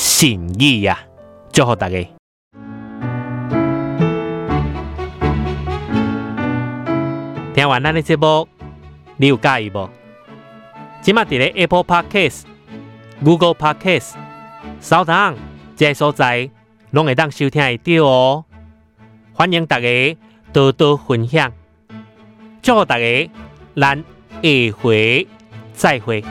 心意呀，祝賀大家！聽完咱的節目，你有介意不？即刻在 Apple Podcast、Google Podcast、Sound 等這些所在，攏會當收聽得到哦！歡迎大家多多分享，祝福大家，咱下回再會。